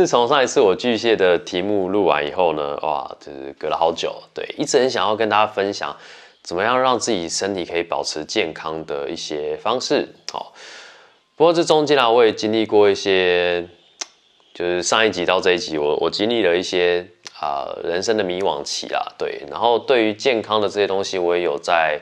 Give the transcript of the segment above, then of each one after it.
自從上一次我巨蟹的題目錄完以後呢，哇，就是隔了好久，對，一直很想要跟大家分享怎麼樣讓自己身體可以保持健康的一些方式，好。不過這中間，啊，我也經歷過一些，就是上一集到這一集我，我我經歷了一些啊，呃，人生的迷惘期啦。對。然後對於健康的這些東西，我也有在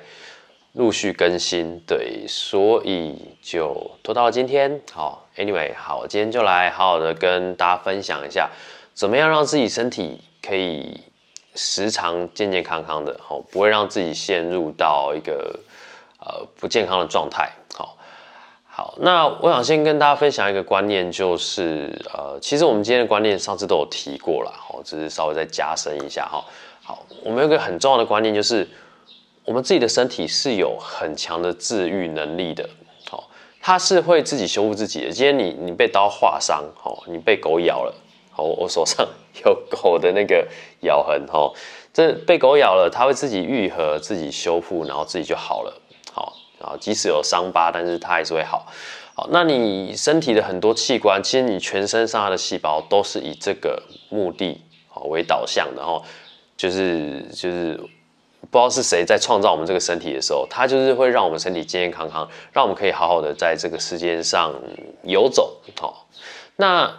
陸續更新，對，所以就拖到了今天，好。Anyway，好，今天就來好好的跟大家分享一下，怎麼樣讓自己身體可以時常健健康康的，吼，不會讓自己陷入到一個呃不健康的狀態。好，好，那我想先跟大家分享一個觀念，就是呃，其實我們今天的觀念上次都有提過了，吼，只是稍微再加深一下哈。好，我們有一個很重要的觀念，就是我們自己的身體是有很強的治癒能力的。它是會自己修復自己的。今天你你被刀劃傷、喔，你被狗咬了，好，我手上有狗的那個咬痕，哈、喔，這被狗咬了，它會自己愈合、自己修復，然後自己就好了，好，啊，即使有傷疤，但是它還是會好。好，那你身體的很多器官，其實你全身上下的細胞都是以這個目的、喔、為導向的，哈、喔，就是就是。不知道是誰在創造我們這個身體的時候，它就是會讓我們身體健健康康，讓我們可以好好的在這個世界上游走。好、哦，那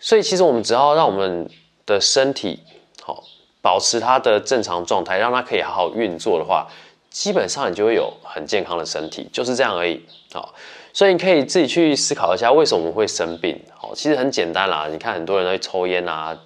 所以其實我們只要讓我們的身體好、哦，保持它的正常狀態，讓它可以好好運作的話，基本上你就會有很健康的身體，就是這樣而已。好、哦，所以你可以自己去思考一下，為什麼我們會生病？好、哦，其實很簡單啦。你看很多人會抽煙啊，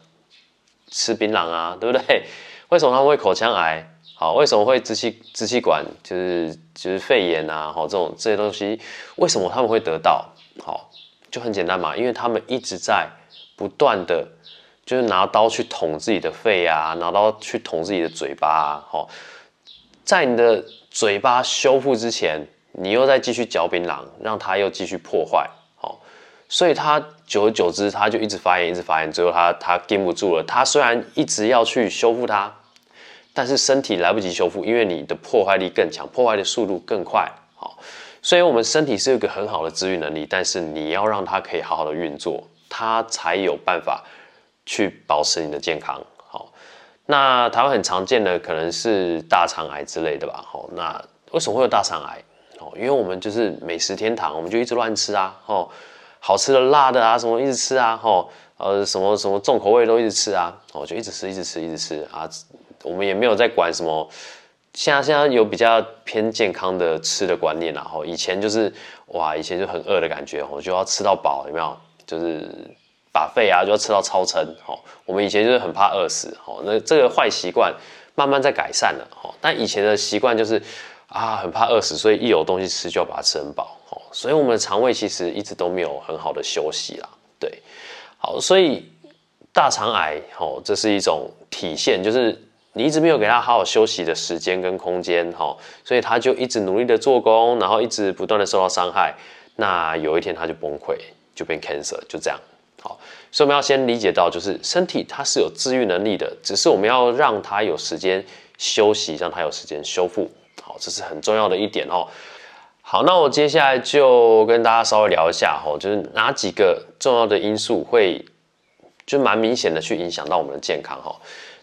吃檳榔啊，對不對？為什麼他們會口腔癌？好，為什麼會支氣支氣管就是就是肺炎啊？吼，這種這些東西，為什麼他們會得到？好，就很簡單嘛，因為他們一直在不斷的，就是拿刀去捅自己的肺啊，拿刀去捅自己的嘴巴啊。吼，在你的嘴巴修復之前，你又在繼續嚼檳榔，讓它又繼續破壞。好，所以它久而久之，它就一直發炎，一直發炎，最後它它禁不住了。它雖然一直要去修復它。但是身體來不及修復，因為你的破壞力更強，破壞的速度更快。好，哦，所以我們身體是有一個很好的治癒能力，但是你要讓它可以好好的運作，它才有辦法去保持你的健康。好，哦，那台灣很常見的可能是大腸癌之類的吧？好，哦，那為什麼會有大腸癌？哦，因為我們就是美食天堂，我們就一直亂吃啊。哦，好吃的、辣的啊，什麼一直吃啊。哦，呃，什麼什麼重口味都一直吃啊。哦，就一直吃，一直吃，一直吃啊。我們也沒有在管什麼，現在現在有比較偏健康的吃的觀念，然後以前就是哇，以前就很餓的感覺，我就要吃到飽，有沒有？就是把胃啊就要吃到超撐，吼，我們以前就是很怕餓死，吼，那這個壞習慣慢慢在改善了，吼。但以前的習慣就是啊，很怕餓死，所以一有東西吃就要把它吃很飽，吼。所以我們的腸胃其實一直都沒有很好的休息啦，對，好，所以大腸癌，吼，這是一種體現，就是。你一直沒有給他好好休息的時間跟空間，哈，所以他就一直努力的做工，然後一直不斷的受到傷害，那有一天他就崩潰，就變 cancer，就這樣，好，所以我們要先理解到，就是身體它是有治癒能力的，只是我們要讓它有時間休息，讓它有時間修復，好，這是很重要的一點哦。好，那我接下來就跟大家稍微聊一下，哈，就是哪幾個重要的因素會就蠻明顯的去影響到我們的健康，哈。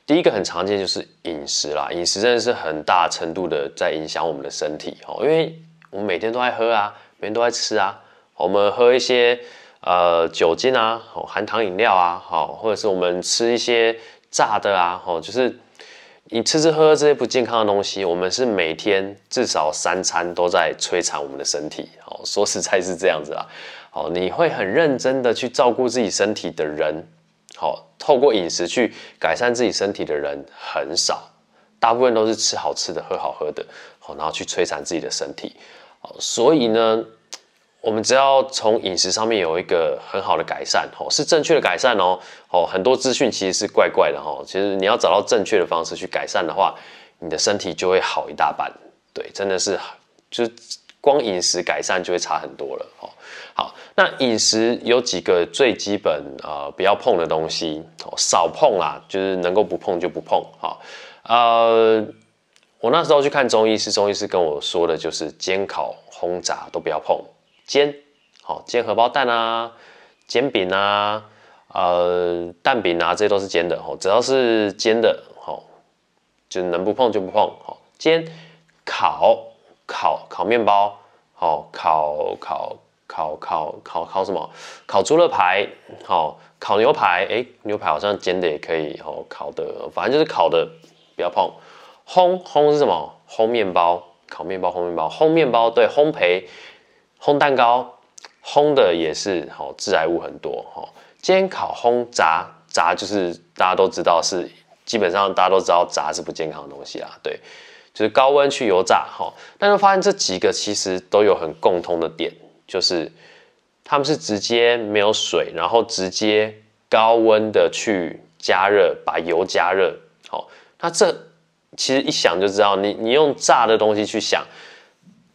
第一個很常見就是飲食啦，飲食真的是很大程度的在影響我們的身體哦，因為我們每天都在喝啊，每天都在吃啊，我們喝一些呃酒精啊，哦含糖飲料啊，好，或者是我們吃一些炸的啊，哦，就是你吃吃喝喝這些不健康的東西，我們是每天至少三餐都在摧殘我們的身體，哦，說實在是這樣子啊，哦，你會很認真的去照顧自己身體的人。好，透過飲食去改善自己身體的人很少，大部分都是吃好吃的、喝好喝的，然後去摧殘自己的身體。所以呢，我們只要從飲食上面有一個很好的改善，哦，是正確的改善哦，很多資訊其實是怪怪的哈。其實你要找到正確的方式去改善的話，你的身體就會好一大半。對，真的是，就是光飲食改善就會差很多了。哈。那飲食有幾個最基本啊、呃，不要碰的東西，哦、少碰啊，就是能夠不碰就不碰。哈呃，我那時候去看中醫師，中醫師跟我說的就是煎、烤、烘、炸都不要碰。煎，哦、煎荷包蛋啊，煎餅啊，呃、蛋餅啊，這些都是煎的。哦、只要是煎的，就、哦、就能不碰就不碰。哦、煎、烤、烤、烤麵包，好、哦，烤、烤。烤烤烤烤烤什麼？烤豬肉排，好、哦、烤牛排，誒、欸，牛排好像煎的也可以，好、哦、烤的，反正就是烤的，不要碰。烘烘是什麼？烘麵包，烤麵包，烘麵包，烘麵包，對，烘焙，烘蛋糕，烘的也是好、哦、致癌物很多，哈、哦。煎烤烘炸，炸就是大家都知道是，基本上大家都知道炸是不健康的東西啊，對，就是高溫去油炸，哈、哦。但是發現這幾個其實都有很共通的點。就是，他們是直接沒有水，然後直接高溫的去加熱，把油加熱。好、哦，那這其實一想就知道，你你用炸的東西去想，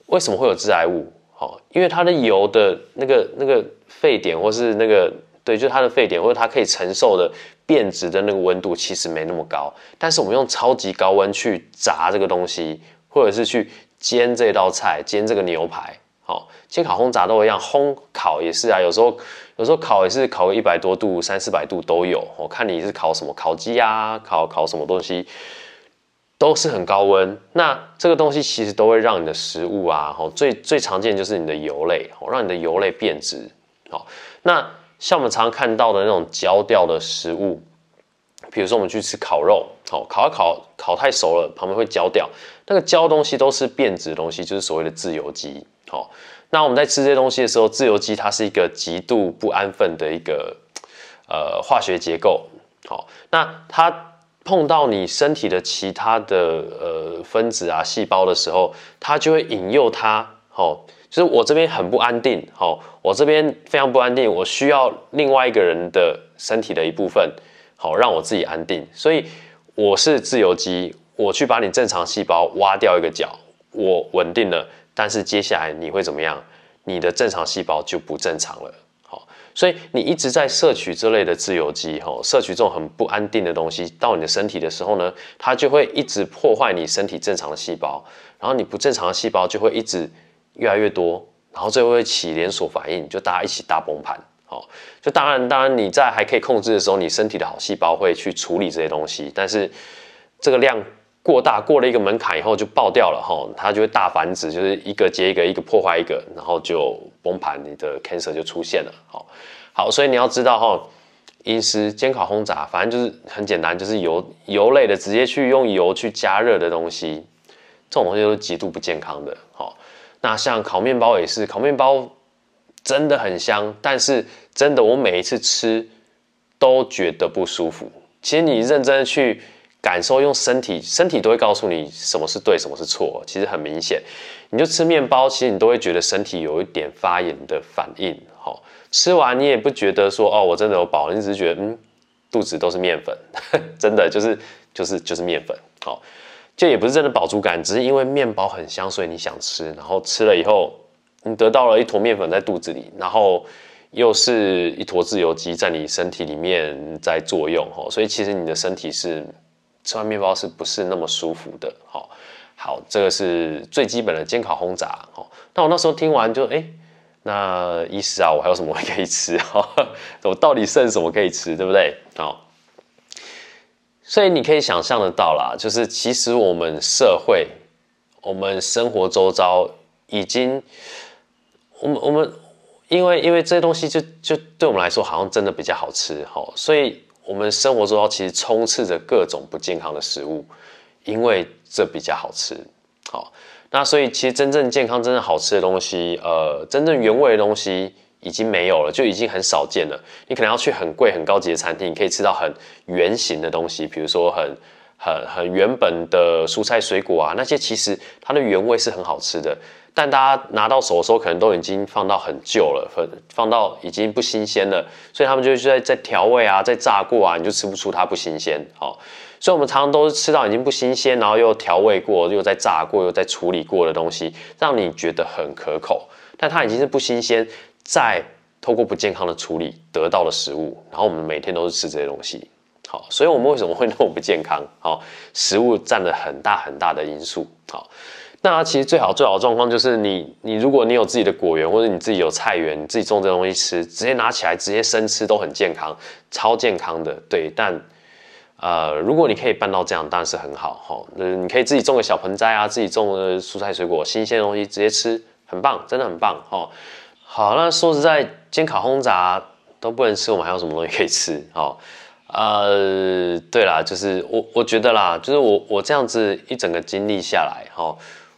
為什麼會有致癌物？好、哦，因為它的油的那個那個沸點，或是那個對，就是它的沸點，或者它可以承受的變質的那個溫度，其實沒那麼高。但是我們用超級高溫去炸這個東西，或者是去煎這道菜，煎這個牛排。好，煎、烤、烘、炸都一樣，烘烤，也是啊，有時候有時候烤也是烤個一百多度，三四百度都有。我看你是烤什麼，烤雞，啊，烤雞呀，烤烤什麼東西，都是很高溫。那這個東西其實都會讓你的食物啊，吼最最常見就是你的油類，吼讓你的油類變質。好，那像我們常看到的那種焦掉的食物，比如說我們去吃烤肉，好，烤一烤，烤太熟了，旁邊會焦掉，那個焦東西都是變質的東西，就是所謂的自由基。好、哦，那我們在吃這些東西的時候，自由基它是一個極度不安分的一個呃化學結構。好、哦，那它碰到你身體的其他的呃分子啊、細胞的時候，它就會引誘它。好、哦，就是我這邊很不安定。好、哦，我這邊非常不安定，我需要另外一個人的身體的一部分，好、哦，讓我自己安定。所以我是自由基，我去把你正常細胞挖掉一個角，我穩定了。但是接下來你會怎麼樣？你的正常細胞就不正常了。好，所以你一直在攝取這類的自由基，攝取這種很不安定的東西到你的身體的時候呢，它就會一直破壞你身體正常的細胞，然後你不正常的細胞就會一直越來越多，然後最後會起連鎖反應，就大家一起大崩盤。好，就當然，當然你在還可以控制的時候，你身體的好細胞會去處理這些東西，但是這個量。過大，過了一個門檻以後就爆掉了哈，它就會大繁殖，就是一個接一個，一個破壞一個，然後就崩盤，你的 cancer 就出現了。好，好，所以你要知道哈，飲食煎烤烘炸，反正就是很簡單，就是油油類的直接去用油去加熱的東西，這種東西都是極度不健康的。好，那像烤麵包也是，烤麵包真的很香，但是真的我每一次吃都覺得不舒服。其實你認真去。感受用身體，身體都會告訴你什麼是對，什麼是錯。其實很明顯，你就吃面包，其實你都會覺得身體有一點發炎的反應。好、哦，吃完你也不覺得說哦，我真的有飽，你只是覺得嗯，肚子都是麵粉，呵呵真的就是就是就是麵粉。好、哦，這也不是真的飽足感，只是因為麵包很香，所以你想吃，然後吃了以後，你得到了一坨面粉在肚子裡，然後又是一坨自由基在你身體裡面在作用。哈、哦，所以其實你的身體是。吃完麵包是不是那麼舒服的？好，好，這個是最基本的煎烤烘炸。好，那我那時候聽完就哎、欸，那意思啊，我還有什麼可以吃啊？我到底剩什麼可以吃，對不對？好，所以你可以想象得到啦，就是其實我們社會、我們生活周遭已經，我們我們因為因為這些東西就就對我們來說好像真的比較好吃。好，所以。我們生活中，其實充斥着各種不健康的食物，因為這比較好吃。好，那所以其實真正健康、真正好吃的東西，呃，真正原味的東西已經沒有了，就已經很少見了。你可能要去很貴、很高級的餐廳，你可以吃到很原形的東西，比如說很、很、很原本的蔬菜、水果啊，那些其實它的原味是很好吃的。但大家拿到手的時候，可能都已經放到很舊了，或者放到已經不新鮮了，所以他們就在在調味啊，在炸過啊，你就吃不出它不新鮮。好、哦，所以我們常常都是吃到已經不新鮮，然後又調味過，又在炸過，又在處理過的東西，讓你覺得很可口，但它已經是不新鮮，再透過不健康的處理得到的食物，然後我們每天都是吃這些東西。好、哦，所以我們為什麼會那麼不健康？好、哦，食物佔了很大很大的因素。好、哦。那、啊、其實最好最好的狀況就是你，你如果你有自己的果園，或者你自己有菜園，你自己種這個東西吃，直接拿起來直接生吃都很健康，超健康的。對，但呃，如果你可以辦到這樣，當然是很好哈。你可以自己種個小盆栽啊，自己種的蔬菜水果，新鮮東西直接吃，很棒，真的很棒哈。好，那說實在，煎烤烘炸都不能吃，我們還有什麼東西可以吃？哦，呃，對啦，就是我我覺得啦，就是我我這樣子一整個經歷下來，哈。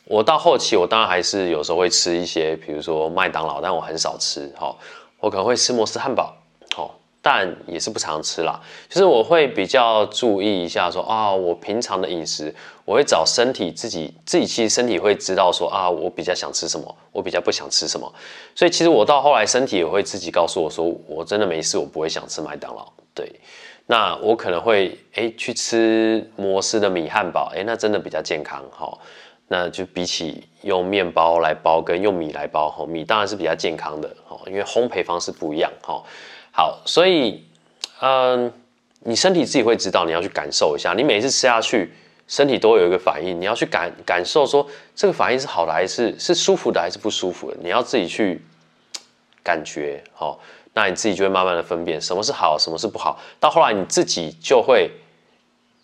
我到後期，我當然還是有時候會吃一些，比如說麥當勞，但我很少吃哈。我可能會吃摩斯漢堡，好，但也是不常吃啦。其實我會比較注意一下說，啊，我平常的飲食，我會找身體自己，自己其實身體會知道說啊，我比較想吃什麼，我比較不想吃什麼。所以其實我到後來，身體也會自己告訴我說，我真的沒事，我不會想吃麥當勞。對，那我可能會哎去吃摩斯的米漢堡，哎，那真的比較健康哈。哦那就比起用麵包來包，跟用米來包，米當然是比較健康的，因為烘焙方式不一樣，好，所以，嗯，你身體自己會知道，你要去感受一下，你每一次吃下去，身體都有一個反應，你要去感感受說這個反應是好的還是是舒服的還是不舒服的，你要自己去感覺，那你自己就會慢慢的分辨什麼是好，什麼是不好，到後來你自己就會。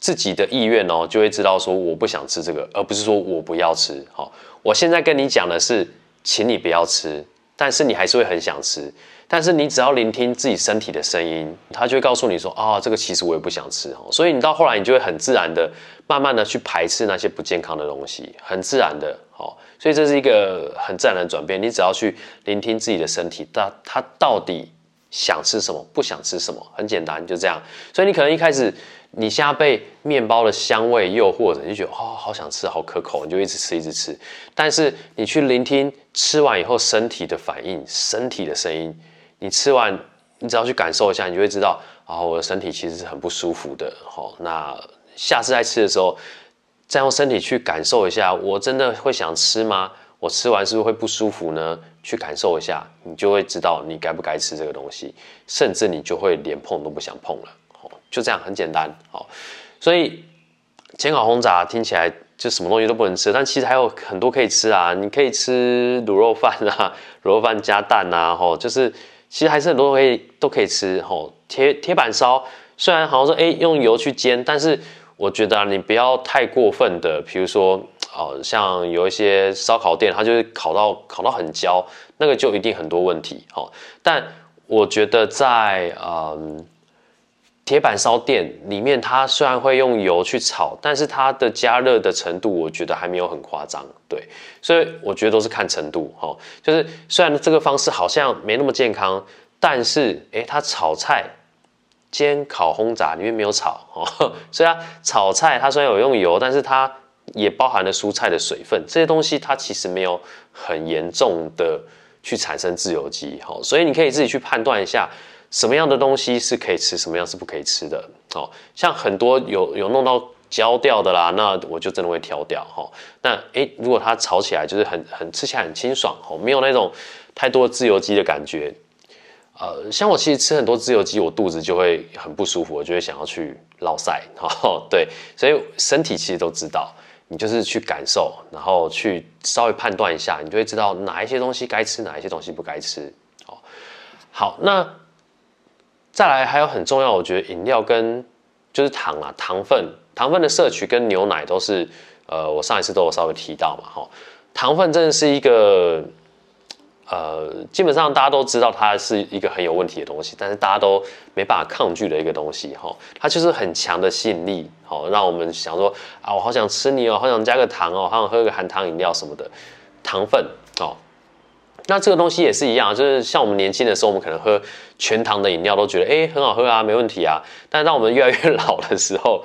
自己的意願哦，就會知道說我不想吃這個，而不是說我不要吃。好，哦，我現在跟你講的是，請你不要吃，但是你還是會很想吃。但是你只要聆聽自己身體的聲音，他就會告訴你說啊，哦，這個其實我也不想吃。哦，所以你到後來，你就會很自然的，慢慢的去排斥那些不健康的東西，很自然的。哦，所以這是一個很自然的轉變。你只要去聆聽自己的身體，到他到底想吃什麼，不想吃什麼，很簡單，就這樣。所以你可能一開始。你現在被麵包的香味誘惑着，你就覺得啊、哦，好想吃，好可口，你就一直吃，一直吃。但是你去聆聽吃完以後身體的反應，身體的聲音。你吃完，你只要去感受一下，你就會知道，啊、哦，我的身體其實是很不舒服的。哈、哦，那下次再吃的時候，再用身體去感受一下，我真的會想吃嗎？我吃完是不是會不舒服呢？去感受一下，你就會知道你該不該吃這個東西，甚至你就會連碰都不想碰了。就這樣很簡單，好，所以煎烤烘炸聽起來就什麼東西都不能吃，但其實還有很多可以吃啊，你可以吃滷肉飯啊，滷肉飯加蛋啊，吼，就是其實還是很多可以都可以吃。吼，鐵鐵板燒雖然好像說哎、欸、用油去煎，但是我覺得、啊、你不要太過分的，比如說，好、呃、像有一些燒烤店，它就是烤到烤到很焦，那個就一定很多問題。吼，但我覺得在嗯。呃鐵板燒店裡面，它雖然會用油去炒，但是它的加熱的程度，我覺得還沒有很誇張。對，所以我覺得都是看程度。哈，就是雖然這個方式好像沒那麼健康，但是哎、欸，它炒菜煎、煎、烤、烘炸裡面沒有炒。哈，雖然炒菜它雖然有用油，但是它也包含了蔬菜的水分，這些東西它其實沒有很嚴重的去產生自由基。哈，所以你可以自己去判斷一下。什麼樣的東西是可以吃，什麼樣是不可以吃的？哦，像很多有有弄到焦掉的啦，那我就真的會挑掉哈、哦。那哎、欸，如果它炒起來就是很很吃起來很清爽哦，沒有那種太多自由基的感覺。呃，像我其實吃很多自由基，我肚子就會很不舒服，我就會想要去烙賽哈。對，所以身體其實都知道，你就是去感受，然後去稍微判斷一下，你就會知道哪一些東西該吃，哪一些東西不該吃。哦，好，那。再來，還有很重要，我覺得飲料跟就是糖啦、啊，糖分，糖分的攝取跟牛奶都是，呃，我上一次都有稍微提到嘛，吼，糖分真的是一個，呃，基本上大家都知道它是一個很有問題的東西，但是大家都沒辦法抗拒的一個東西，哈，它就是很強的吸引力，好，讓我們想說啊，我好想吃你哦、喔，好想加個糖哦、喔，好想喝個含糖飲料什麼的，糖分。那這個東西也是一樣，就是像我們年輕的時候，我們可能喝全糖的飲料都覺得，哎、欸，很好喝啊，沒問題啊。但是當我們越來越老的時候，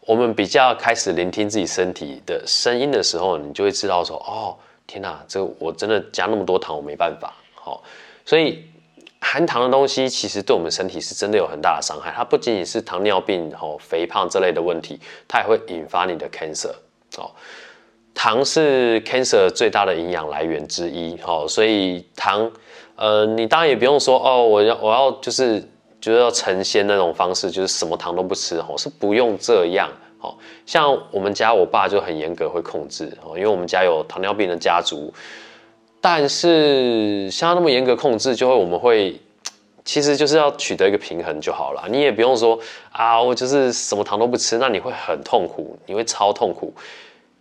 我們比較開始聆聽自己身體的聲音的時候，你就會知道說，哦，天哪、啊，這個、我真的加那麼多糖，我沒辦法。好、哦，所以含糖的東西其實對我們身體是真的有很大的傷害。它不僅僅是糖尿病、哦、肥胖這類的問題，它也會引發你的 cancer、哦。糖是 cancer 最大的營養來源之一，所以糖，呃，你當然也不用說哦，我要我要就是覺得、就是、要成仙那種方式，就是什麼糖都不吃，吼，是不用這樣，像我們家我爸就很嚴格會控制，哦，因為我們家有糖尿病的家族，但是像他那麼嚴格控制，就會我們會其實就是要取得一個平衡就好了，你也不用說啊，我就是什麼糖都不吃，那你會很痛苦，你會超痛苦。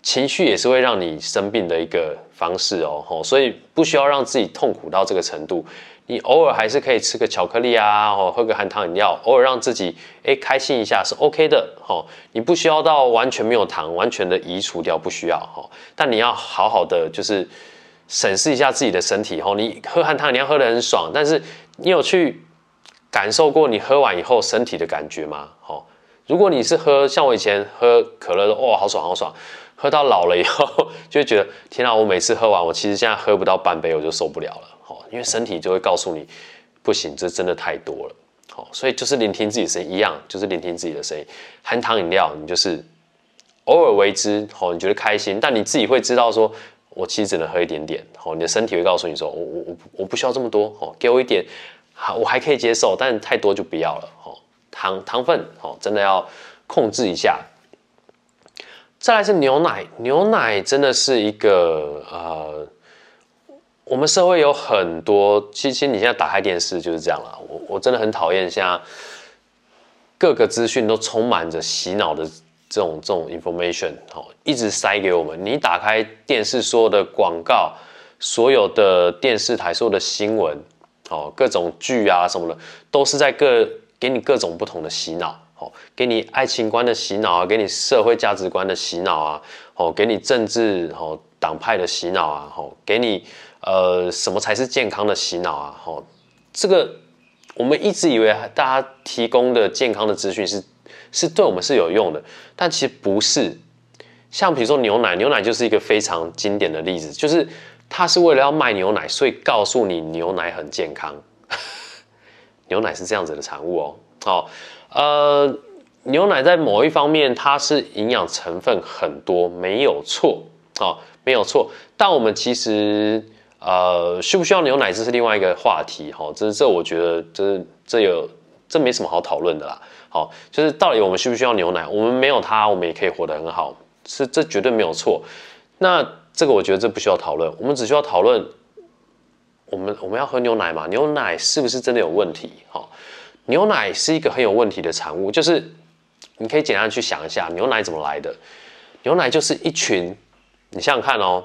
情緒也是會讓你生病的一個方式哦，吼，所以不需要讓自己痛苦到這個程度。你偶爾還是可以吃個巧克力啊，喝個含糖飲料，偶爾讓自己哎、欸、開心一下是 OK 的，吼、哦，你不需要到完全沒有糖，完全的移除掉，不需要，吼、哦。但你要好好的就是審視一下自己的身體，吼、哦，你喝含糖，你要喝得很爽，但是你有去感受過你喝完以後身體的感覺嗎？好、哦，如果你是喝像我以前喝可樂，哦，好爽，好爽。喝到老了以後，就會覺得天啊！我每次喝完，我其實現在喝不到半杯我就受不了了，哦，因為身體就會告訴你，不行，這真的太多了，哦，所以就是聆聽自己的聲音一樣，就是聆聽自己的聲音。含糖飲料，你就是偶爾為之，哦，你覺得開心，但你自己會知道說，我其實只能喝一點點，哦，你的身體會告訴你說，我我我我不需要這麼多，哦，給我一點，我還可以接受，但太多就不要了，哦，糖糖分，哦，真的要控制一下。再來是牛奶，牛奶真的是一個呃，我們社會有很多，其實你現在打開電視就是這樣啦。我我真的很討厭現在各個資訊都充滿着洗腦的這種這種 information，哦，一直塞給我們。你打開電視所有的廣告，所有的電視台，所有的新聞，哦，各種劇啊什麼的，都是在各給你各種不同的洗腦。給你愛情觀的洗腦啊，給你社會價值觀的洗腦啊，好、哦，給你政治哦黨派的洗腦啊，好、哦，給你呃什麼才是健康的洗腦啊，好、哦，這個我們一直以為大家提供的健康的資訊是是對我們是有用的，但其實不是。像比如說牛奶，牛奶就是一個非常經典的例子，就是它是為了要賣牛奶，所以告訴你牛奶很健康。 牛奶是這樣子的產物哦，哦。呃，牛奶在某一方面它是營養成分很多，沒有錯啊、哦，沒有錯。但我們其實，呃，需不需要牛奶，這是另外一個話題哈、哦。這是這，我覺得，這這有這沒什麼好討論的啦。好、哦，就是到底我們需不需要牛奶？我們沒有它，我們也可以活得很好，是這絕對沒有錯。那這個我覺得這不需要討論，我們只需要討論，我們我們要喝牛奶嘛？牛奶是不是真的有問題？哈、哦。牛奶是一個很有問題的產物，就是你可以簡單去想一下牛奶怎麼來的。牛奶就是一群，你想想看哦。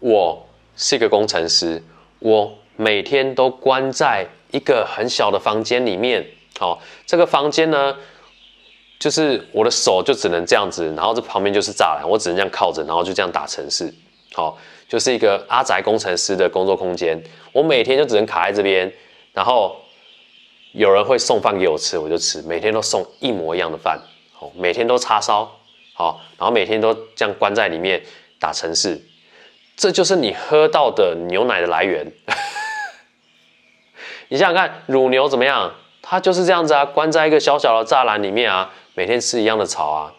我是一個工程師，我每天都關在一個很小的房間裡面。哦，這個房間呢，就是我的手就只能這樣子，然後這旁邊就是柵欄，我只能這樣靠着，然後就這樣打程式。哦，就是一個阿宅工程師的工作空間。我每天就只能卡在這邊，然後。有人會送飯給我吃，我就吃。每天都送一模一樣的飯，好，每天都叉燒，好，然後每天都這樣關在裡面打程式，這就是你喝到的牛奶的來源。 你想想看，乳牛怎麼樣？它就是這樣子啊，關在一個小小的柵欄裡面啊，每天吃一樣的草啊，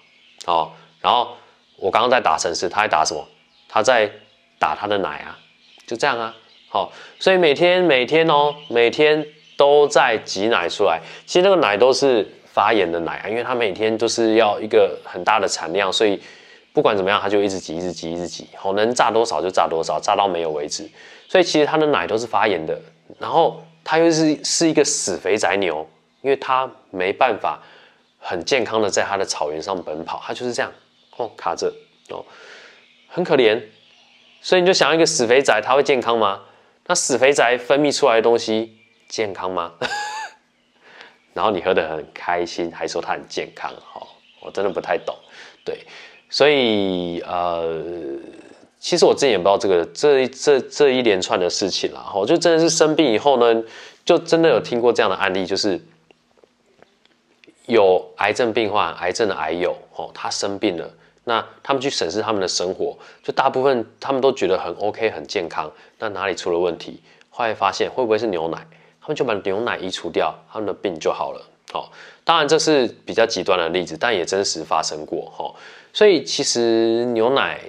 好，然後我剛剛在打程式，它在打什麼？它在打它的奶啊，就這樣啊，好，所以每天每天哦，每天、喔。每天都在擠奶出來，其實那個奶都是發炎的奶啊，因為它每天都是要一個很大的產量，所以不管怎麼樣，它就一直擠，一直擠，一直擠，吼，能榨多少就榨多少，榨到沒有為止。所以其實它的奶都是發炎的，然後它又是是一個死肥宅牛，因為它沒辦法很健康的在它的草原上奔跑，它就是這樣，哦，卡着，哦，很可憐。所以你就想要一個死肥宅，它會健康嗎？那死肥宅分泌出來的東西，健康嗎？ 然後你喝得很開心，還說他很健康，哈、喔，我真的不太懂。對，所以呃，其實我自己也不知道這個這一這這一連串的事情啦，哈、喔，就真的是生病以後呢，就真的有聽過這樣的案例，就是有癌症病患、癌症的癌友，哦、喔，他生病了，那他們去審視他們的生活，就大部分他們都覺得很 OK，很健康，那哪裡出了問題？後來發現會不會是牛奶？他們就把牛奶移除掉，他們的病就好了。好、哦，當然這是比較極端的例子，但也真實發生過、哦。所以其實牛奶，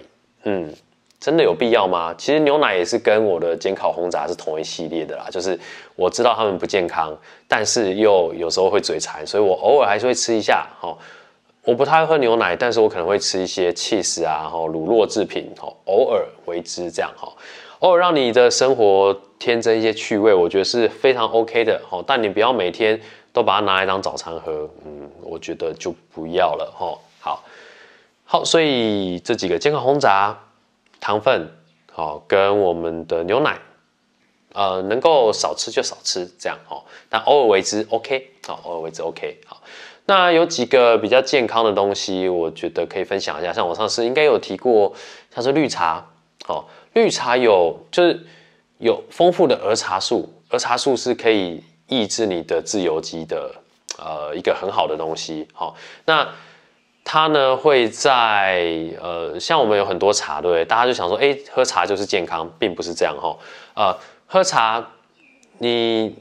嗯，真的有必要嗎？其實牛奶也是跟我的煎烤烘炸是同一系列的啦。就是我知道他們不健康，但是又有時候會嘴饞，所以我偶爾還是會吃一下。哦、我不太喝牛奶，但是我可能會吃一些 cheese 啊，然後、哦、乳酪製品、哦，偶爾為之這樣。哦偶爾讓你的生活添增一些趣味，我覺得是非常 OK 的。好，但你不要每天都把它拿來當早餐喝。嗯，我覺得就不要了。吼，好，好，所以這幾個健康轟炸糖分，好，跟我們的牛奶，呃，能夠少吃就少吃，這樣哦。但偶爾為之 OK，好，偶爾為之 OK，好。那有幾個比較健康的東西，我覺得可以分享一下。像我上次應該有提過，像是綠茶，好。綠茶有，就是有豐富的兒茶素，兒茶素是可以抑制你的自由基的，呃，一個很好的東西。好、哦，那它呢會在呃，像我們有很多茶，對，不對，大家就想說，哎，喝茶就是健康，並不是這樣哈、哦。呃，喝茶，你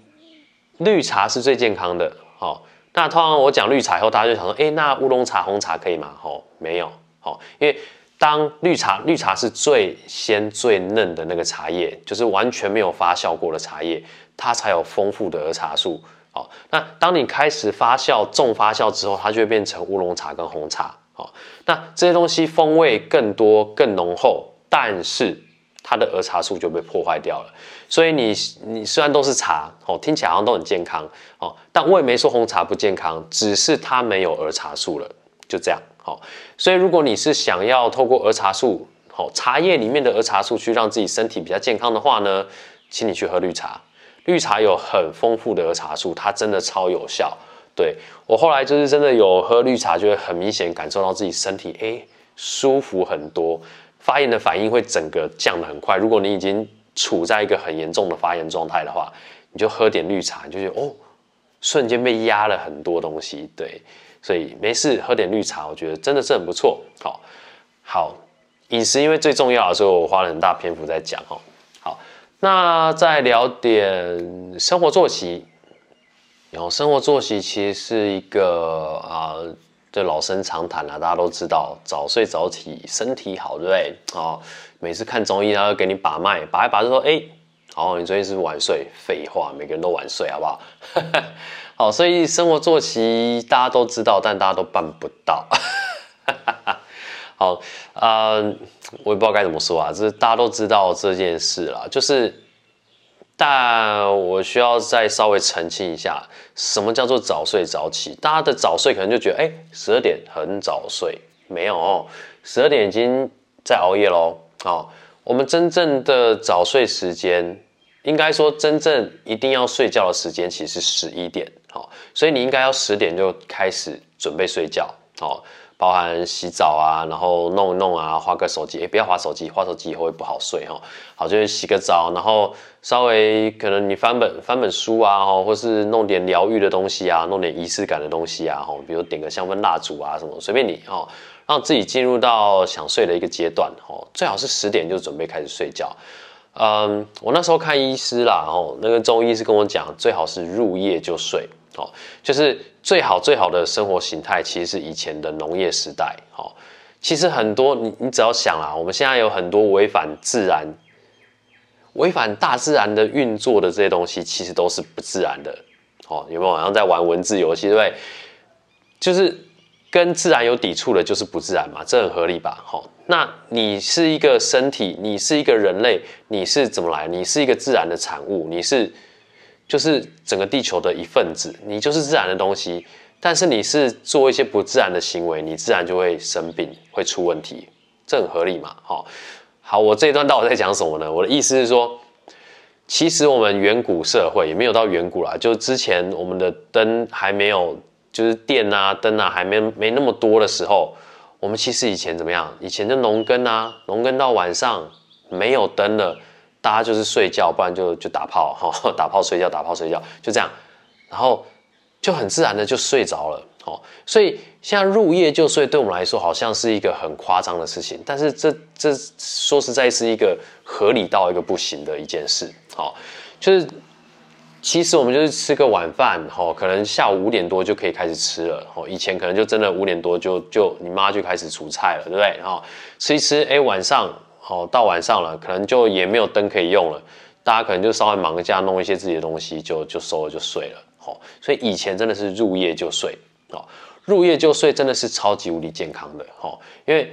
綠茶是最健康的。好、哦，那通常我講綠茶以後，大家就想說，哎，那烏龍茶、紅茶可以嗎？好、哦，沒有，好、哦，因為。當綠茶，綠茶是最鮮最嫩的那個茶葉，就是完全沒有發酵過的茶葉，它才有豐富的兒茶素。哦，那當你開始發酵、重發酵之後，它就會變成烏龍茶跟紅茶。哦，那這些東西風味更多、更濃厚，但是它的兒茶素就被破壞掉了。所以你你雖然都是茶，哦，聽起來好像都很健康，哦，但我也沒說紅茶不健康，只是它沒有兒茶素了。就這樣。好，所以如果你是想要透過兒茶素，好茶葉裡面的兒茶素去讓自己身體比較健康的話呢，請你去喝綠茶。綠茶有很豐富的兒茶素，它真的超有效。對。我後來就是真的有喝綠茶，就會很明顯感受到自己身體誒、欸、舒服很多，發炎的反應會整個降得很快。如果你已經處在一個很嚴重的發炎狀態的話，你就喝點綠茶，你就覺得哦，瞬間被壓了很多東西。對。所以沒事，喝點綠茶，我覺得真的是很不錯。好，好，飲食因為最重要的，所以我花了很大篇幅在講哦。好，那再聊點生活作息，然、哦、後生活作息其實是一個啊，這、呃、老生常談了、啊，大家都知道，早睡早起身體好，對不對？哦、每次看中醫，他要給你把脈，把一把就說，哎、欸哦，你最近是不是晚睡？廢話，每個人都晚睡，好不好？呵呵好，所以生活作息大家都知道，但大家都辦不到。哈哈哈，好，呃，我也不知道該怎麼說啊，就是大家都知道這件事啦，就是，但我需要再稍微澄清一下，什麼叫做早睡早起？大家的早睡可能就覺得，哎、欸，十二點很早睡，沒有哦，哦十二點已經在熬夜嘍。好，我們真正的早睡時間，應該說真正一定要睡覺的時間，其實是十一點。好，所以你應該要十點就開始準備睡覺，哦，包含洗澡啊，然後弄一弄啊，滑個手機，欸，不要滑手機，滑手機以後會不好睡哈。好，就是洗個澡，然後稍微可能你翻本翻本書啊，或是弄點療癒的東西啊，弄點儀式感的東西啊，吼，比如點個香氛蠟燭啊，什麼隨便你哦，讓自己進入到想睡的一個階段哦，最好是十點就準備開始睡覺。嗯，我那時候看醫師啦，吼，那個中醫師跟我講，最好是入夜就睡。就是最好最好的生活形態，其實是以前的農業時代。好，其實很多你你只要想啦，我們現在有很多違反自然、違反大自然的運作的這些東西，其實都是不自然的。好，有沒有好像在玩文字遊戲？對，就是跟自然有抵觸的，就是不自然嘛，這很合理吧？好，那你是一個身體，你是一個人類，你是怎麼來？你是一個自然的產物，你是。就是整個地球的一份子，你就是自然的東西，但是你是做一些不自然的行為，你自然就會生病，會出問題，這很合理嘛。好，好，我這一段到底在講什麼呢？我的意思是說，其實我們遠古社會也沒有到遠古啦，就是之前我們的燈還沒有，就是電啊、燈啊還沒沒那麼多的時候，我們其實以前怎麼樣？以前就農耕啊，農耕到晚上沒有燈了。大家就是睡覺，不然就就打炮哈，打炮睡覺，打炮睡覺就這樣，然後就很自然的就睡着了，所以現在入夜就睡，對我們來說好像是一個很誇張的事情，但是這這說實在是一個合理到一個不行的一件事，就是其實我們就是吃個晚飯可能下午五點多就可以開始吃了，哦，以前可能就真的五點多就就你媽就開始煮菜了，對不對啊？然後吃一吃，哎，晚上。哦，到晚上了，可能就也沒有燈可以用了，大家可能就稍微忙一下，弄一些自己的東西就，就就收了就睡了。哦，所以以前真的是入夜就睡。哦，入夜就睡真的是超級無敵健康的。哦，因為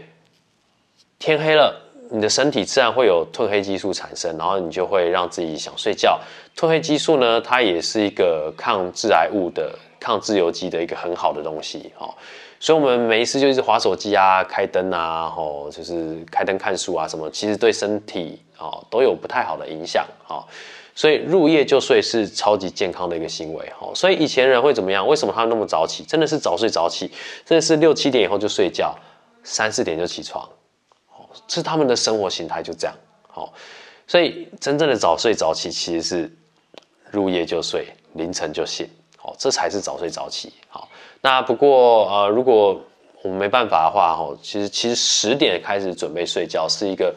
天黑了，你的身體自然會有褪黑激素產生，然後你就會讓自己想睡覺。褪黑激素呢，它也是一個抗致癌物的、抗自由基的一個很好的東西。哦。所以，我們沒事就一直滑手機啊，開燈啊，吼、哦，就是開燈看書啊，什麼，其實對身體哦，都有不太好的影響哦。所以，入夜就睡是超級健康的一個行為哦。所以，以前人會怎麼樣？為什麼他們那麼早起？真的是早睡早起，真的是六七點以後就睡覺，三四點就起床，哦，是他們的生活形態就這樣。哦。所以真正的早睡早起其實是入夜就睡，凌晨就醒，哦，這才是早睡早起，好、哦。那不過呃，如果我們沒辦法的話，吼，其實其實十點開始準備睡覺是一個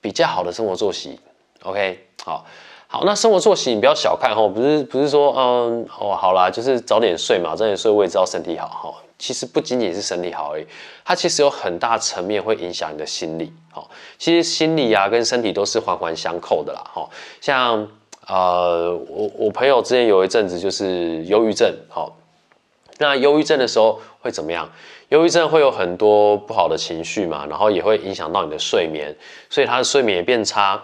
比較好的生活作息。OK，好好，那生活作息你不要小看吼，不是不是說嗯哦好啦，就是早點睡嘛，早點睡我也知道身體好哈。其實不僅僅是身體好而已，它其實有很大層面會影響你的心理。好，其實心理啊跟身體都是環環相扣的啦。哈，像呃我我朋友之前有一陣子就是憂鬱症，好。那憂鬱症的時候會怎麼樣？憂鬱症會有很多不好的情緒嘛，然後也會影響到你的睡眠，所以他的睡眠也變差。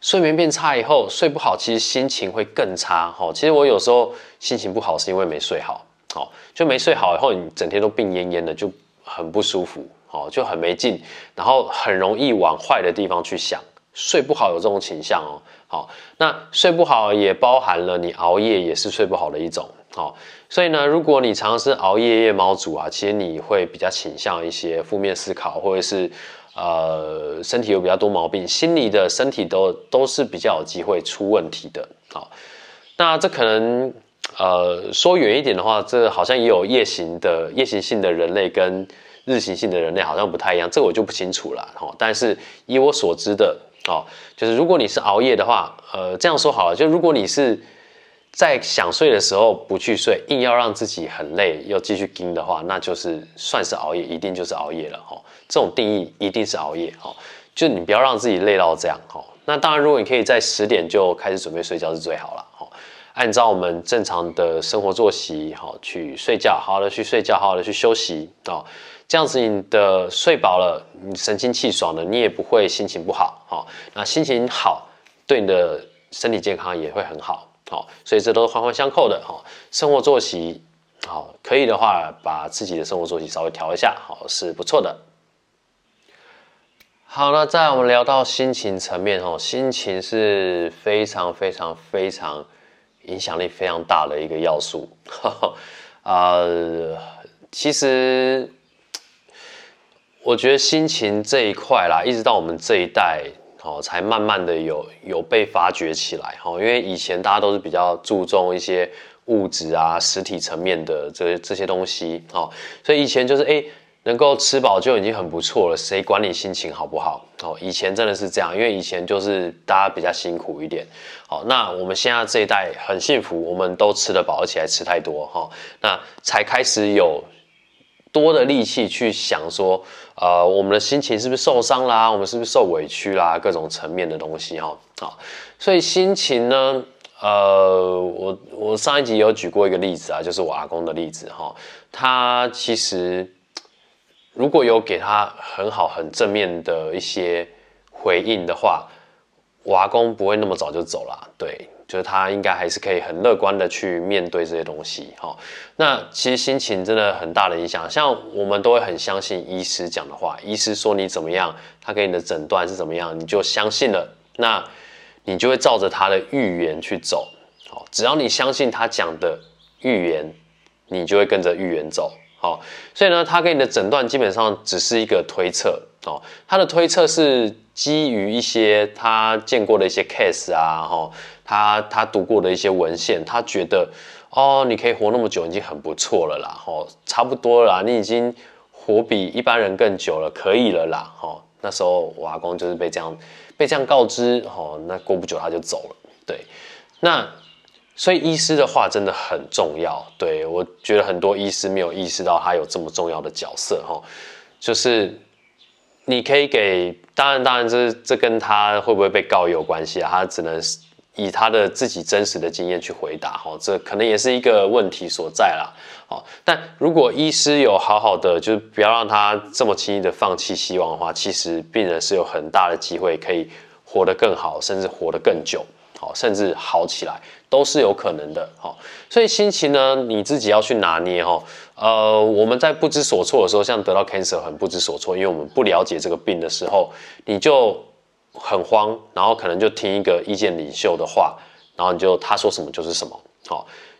睡眠變差以後，睡不好，其實心情會更差哈。其實我有時候心情不好是因為沒睡好，好就沒睡好以後，你整天都病懨懨的，就很不舒服，好就很沒勁，然後很容易往壞的地方去想。睡不好有這種傾向哦。好，那睡不好也包含了你熬夜也是睡不好的一種。好，所以呢，如果你常常是熬夜夜貓族啊，其實你會比較傾向一些負面思考，或者是呃身體有比較多毛病，心理的身體都都是比較有機會出問題的。好、哦，那這可能呃說遠一點的話，這好像也有夜行的夜行性的人類跟日行性的人類好像不太一樣，這我就不清楚了。好、哦，但是以我所知的，好、哦，就是如果你是熬夜的話，呃，這樣說好了，就如果你是。在想睡的時候不去睡，硬要讓自己很累又繼續盯的話，那就是算是熬夜，一定就是熬夜了哈。這種定義一定是熬夜哈。就你不要讓自己累到這樣哈。那當然，如果你可以在十點就開始準備睡覺是最好了哈。按照我們正常的生活作息哈，去睡覺，好好的去睡覺，好好的去休息哦。這樣子你的睡飽了，你神清氣爽了，你也不會心情不好哈。那心情好，對你的身體健康也會很好。好，所以這都是環環相扣的。好、哦，生活作息，好，可以的話，把自己的生活作息稍微調一下，好，是不錯的。好，那再來我們聊到心情層面，哦，心情是非常非常非常影響力非常大的一個要素。啊、呃，其實我覺得心情這一塊啦，一直到我們這一代。哦，才慢慢的有有被發掘起來哈、哦，因為以前大家都是比較注重一些物質啊、實體層面的這些這些東西，好、哦，所以以前就是哎、欸，能夠吃飽就已經很不錯了，誰管你心情好不好？哦，以前真的是這樣，因為以前就是大家比較辛苦一點，好、哦，那我們現在這一代很幸福，我們都吃得飽，而且還吃太多哈、哦，那才開始有。多的力氣去想說，呃，我們的心情是不是受傷啦？我們是不是受委屈啦？各種層面的東西哦，好，所以心情呢，呃，我我上一集有舉過一個例子啊，就是我阿公的例子哈，他其實如果有給他很好很正面的一些回應的話，我阿公不會那麼早就走啦，對。就是他應該還是可以很樂觀的去面對這些東西，好，那其實心情真的很大的影響。像我們都會很相信醫師講的話，醫師說你怎麼樣，他給你的診斷是怎麼樣，你就相信了。那，你就會照着他的預言去走，好。只要你相信他講的預言，你就會跟着預言走，好。所以呢，他給你的診斷基本上只是一個推測。哦，他的推測是基於一些他見過的一些 case 啊，他他讀過的一些文獻，他覺得，哦，你可以活那麼久，已經很不錯了啦，差不多啦，你已經活比一般人更久了，可以了啦，那時候我阿公就是被這樣被這樣告知，哦，那過不久他就走了。對，那所以醫師的話真的很重要，對，我覺得很多醫師沒有意識到他有這麼重要的角色，就是。你可以給，當然，當然這，這這跟他會不會被告有關係啊。他只能以他的自己真實的經驗去回答，哈，這可能也是一個問題所在啦。哈。但如果醫師有好好的，就是不要讓他這麼輕易的放棄希望的話，其實病人是有很大的機會可以活得更好，甚至活得更久，好，甚至好起來。都是有可能的，所以心情呢，你自己要去拿捏，呃，我們在不知所措的時候，像得到 cancer 很不知所措，因為我們不了解這個病的時候，你就很慌，然後可能就聽一個意見領袖的話，然後你就他說什麼就是什麼，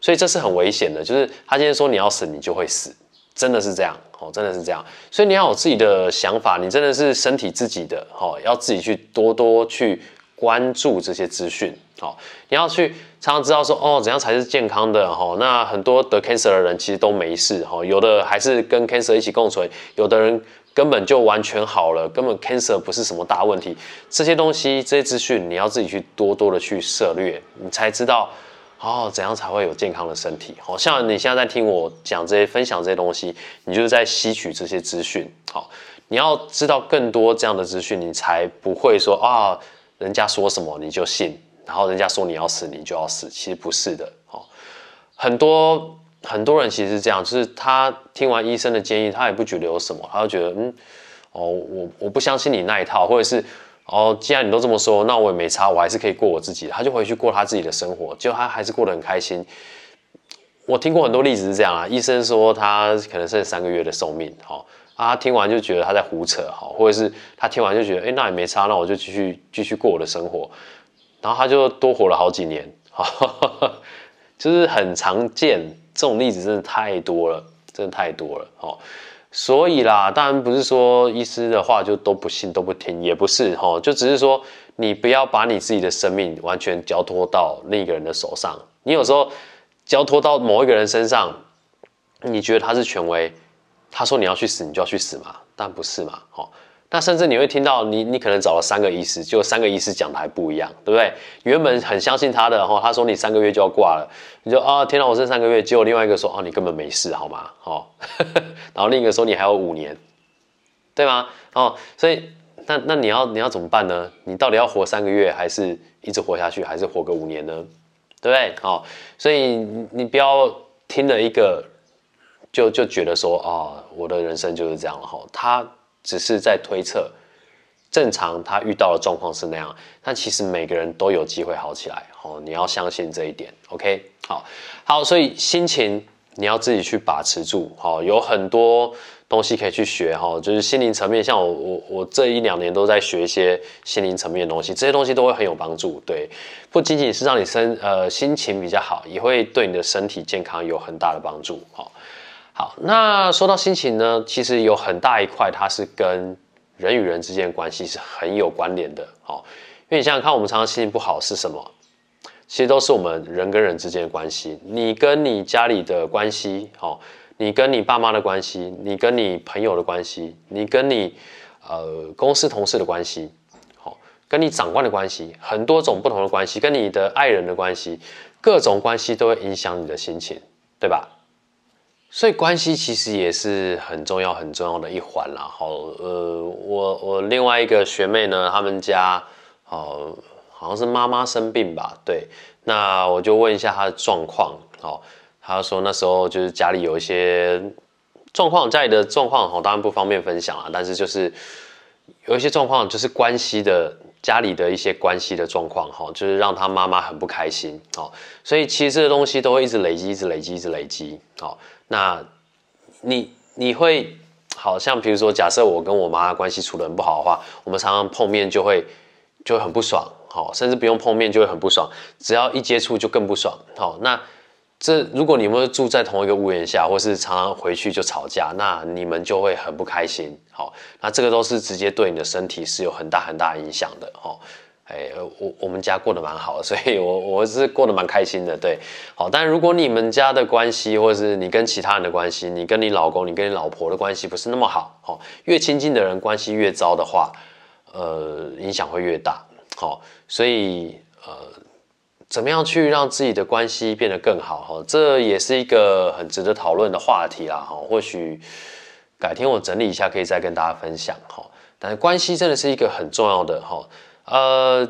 所以這是很危險的，就是他今天說你要死，你就會死，真的是這樣，哦，真的是這樣，所以你要有自己的想法，你真的是身體自己的，要自己去多多去關注這些資訊。好，你要去常常知道說哦，怎樣才是健康的？哦，那很多得 cancer 的人其實都沒事，哈、哦，有的還是跟 cancer 一起共存，有的人根本就完全好了，根本 cancer 不是什麼大問題。這些東西，這些資訊，你要自己去多多的去涉獵，你才知道哦，怎樣才會有健康的身體。哦，像你現在在聽我講這些，分享這些東西，你就是在吸取這些資訊。好，你要知道更多這樣的資訊，你才不會說啊，人家說什麼你就信。然後人家說你要死，你就要死，其實不是的。哦、很多很多人其實是這樣，就是他聽完醫生的建議，他也不覺得有什麼，他就覺得，嗯，哦，我我不相信你那一套，或者是，哦，既然你都這麼說，那我也沒差，我還是可以過我自己的，他就回去過他自己的生活，結果他還是過得很開心。我聽過很多例子是這樣啊，醫生說他可能剩三個月的壽命，好、哦，他、啊、聽完就覺得他在胡扯，好，或者是他聽完就覺得，哎，那也沒差，那我就繼續繼續過我的生活。然後他就多活了好幾年，哈，就是很常見，這種例子真的太多了，真的太多了，哦，所以啦，當然不是說醫師的話就都不信都不聽，也不是，哦，就只是說你不要把你自己的生命完全交托到另一個人的手上。你有時候交托到某一個人身上，你覺得他是權威，他說你要去死，你就要去死嘛？但不是嘛，哈，哦。那甚至你會聽到你，你你可能找了三個醫師，就三個醫師講的還不一樣，對不對？原本很相信他的，然後、哦、他說你三個月就要掛了，你就啊，聽到我這三個月，結果另外一個說啊，你根本沒事，好嗎？好、哦，然後另一個說你還有五年，對嗎？哦，所以那那你要你要怎麼辦呢？你到底要活三個月，還是一直活下去，還是活個五年呢？對不對？好、哦，所以你你不要聽了一個就就覺得說啊、哦，我的人生就是這樣了，哈、哦，他。只是在推測，正常他遇到的狀況是那樣，但其實每個人都有機會好起來，吼，你要相信這一點，OK，好好，所以心情你要自己去把持住，好，有很多東西可以去學，哈，就是心靈層面，像我我我這一兩年都在學一些心靈層面的東西，這些東西都會很有幫助，對，不僅僅是讓你身呃心情比較好，也會對你的身體健康有很大的幫助，好。好，那說到心情呢，其實有很大一塊，它是跟人與人之間的關係是很有關聯的。哦，因為你想想看，我們常常心情不好是什麼？其實都是我們人跟人之間的關係，你跟你家裡的關係，哦，你跟你爸媽的關係，你跟你朋友的關係，你跟你呃公司同事的關係，哦，跟你長官的關係，很多種不同的關係，跟你的愛人的關係，各種關係都會影響你的心情，對吧？所以關係其實也是很重要、很重要的一環啦。好，呃，我我另外一個學妹呢，她們家，好、呃，好像是媽媽生病吧？對。那我就問一下她的狀況。哦，她說那時候就是家裡有一些狀況，家裡的狀況，好，當然不方便分享啦。但是就是有一些狀況，就是關係的家裡的一些關係的狀況，哈，就是讓她媽媽很不開心。哦，所以其實這個東西都會一直累積、一直累積、一直累積。哦。那你，你你會好像，比如說，假設我跟我媽關係處得很不好的話，我們常常碰面就會，就很不爽，好，甚至不用碰面就會很不爽，只要一接觸就更不爽，好，那這如果你們住在同一個屋檐下，或是常常回去就吵架，那你們就會很不開心，那這個都是直接對你的身體是有很大很大影響的，哈。哎、欸，我我們家過得蠻好，所以我我是過得蠻開心的，對，好。但如果你們家的關係，或者是你跟其他人的關係，你跟你老公、你跟你老婆的關係不是那麼好，哦，越親近的人關係越糟的話，呃，影響會越大，好、哦。所以呃，怎麼樣去讓自己的關係變得更好，哦，這也是一個很值得討論的話題啦，哦，或許改天我整理一下，可以再跟大家分享，哦，但是關係真的是一個很重要的，哦呃，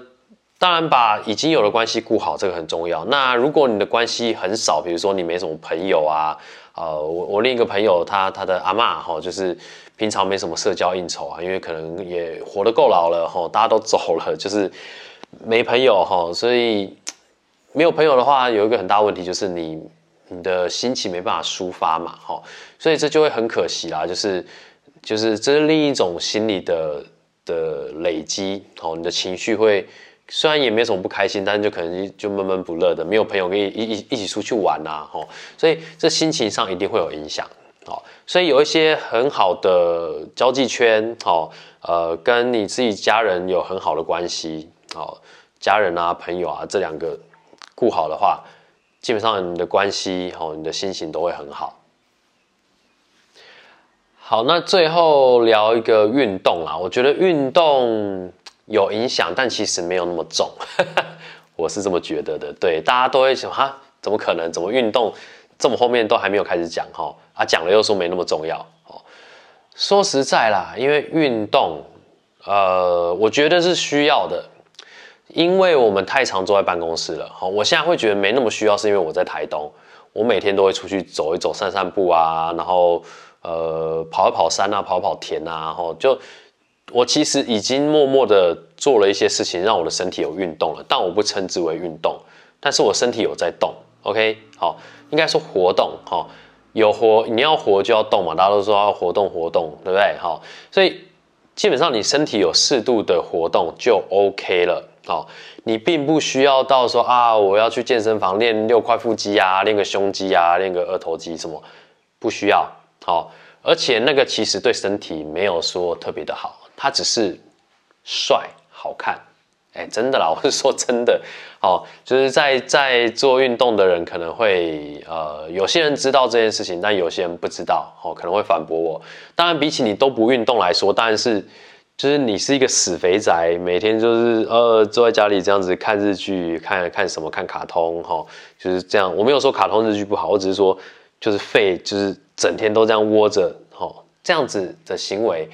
當然把已經有的關係顧好，這個很重要。那如果你的關係很少，比如說你沒什麼朋友啊，呃，我我另一個朋友他他的阿嬤，哈，就是平常沒什麼社交應酬啊，因為可能也活得夠老了哈，大家都走了，就是沒朋友哈，所以沒有朋友的話，有一個很大問題就是你你的心情沒辦法抒發嘛哈，所以這就會很可惜啦，就是就是這是另一種心理的。的累積，哦，你的情緒會，雖然也沒什麼不開心，但就可能就悶悶不樂的，沒有朋友可以一一一起出去玩啊，哦，所以這心情上一定會有影響，哦，所以有一些很好的交際圈，哦，呃，跟你自己家人有很好的關係，哦，家人啊，朋友啊，這兩個顧好的話，基本上你的關係，哦，你的心情都會很好。好，那最後聊一個運動啊，我覺得運動有影響，但其實沒有那麼重，呵呵，我是這麼覺得的。對，大家都會想，哈，怎麼可能？怎麼運動？這麼後面都還沒有開始講哈，啊，講了又說沒那麼重要。哦，說實在啦，因為運動，呃，我覺得是需要的，因為我們太常坐在辦公室了。我現在會覺得沒那麼需要，是因為我在台東，我每天都會出去走一走，散散步啊，然後。呃，跑一跑山啊，跑跑田啊，吼，就我其實已經默默的做了一些事情，讓我的身體有運動了，但我不稱之為運動，但是我身體有在動。OK，好，應該說活動哈，有活，你要活就要動嘛，大家都說要活動活動，對不對？哈，所以基本上你身體有適度的活動就 OK 了。好，你並不需要到說啊，我要去健身房練六塊腹肌啊，練個胸肌啊，練個二頭肌什麼，不需要。哦，而且那個其實對身體沒有說特別的好，他只是帥好看，哎、欸，真的啦，我是說真的，哦，就是在在做運動的人可能會，呃，有些人知道這件事情，但有些人不知道，哦，可能會反駁我。當然比起你都不運動來說，當然是，就是你是一個死肥宅，每天就是呃坐在家裡這樣子看日劇，看看什麼看卡通，哈、哦，就是這樣。我沒有說卡通日劇不好，我只是說就是廢就是。整天都這樣窩着，哦，這樣子的行為，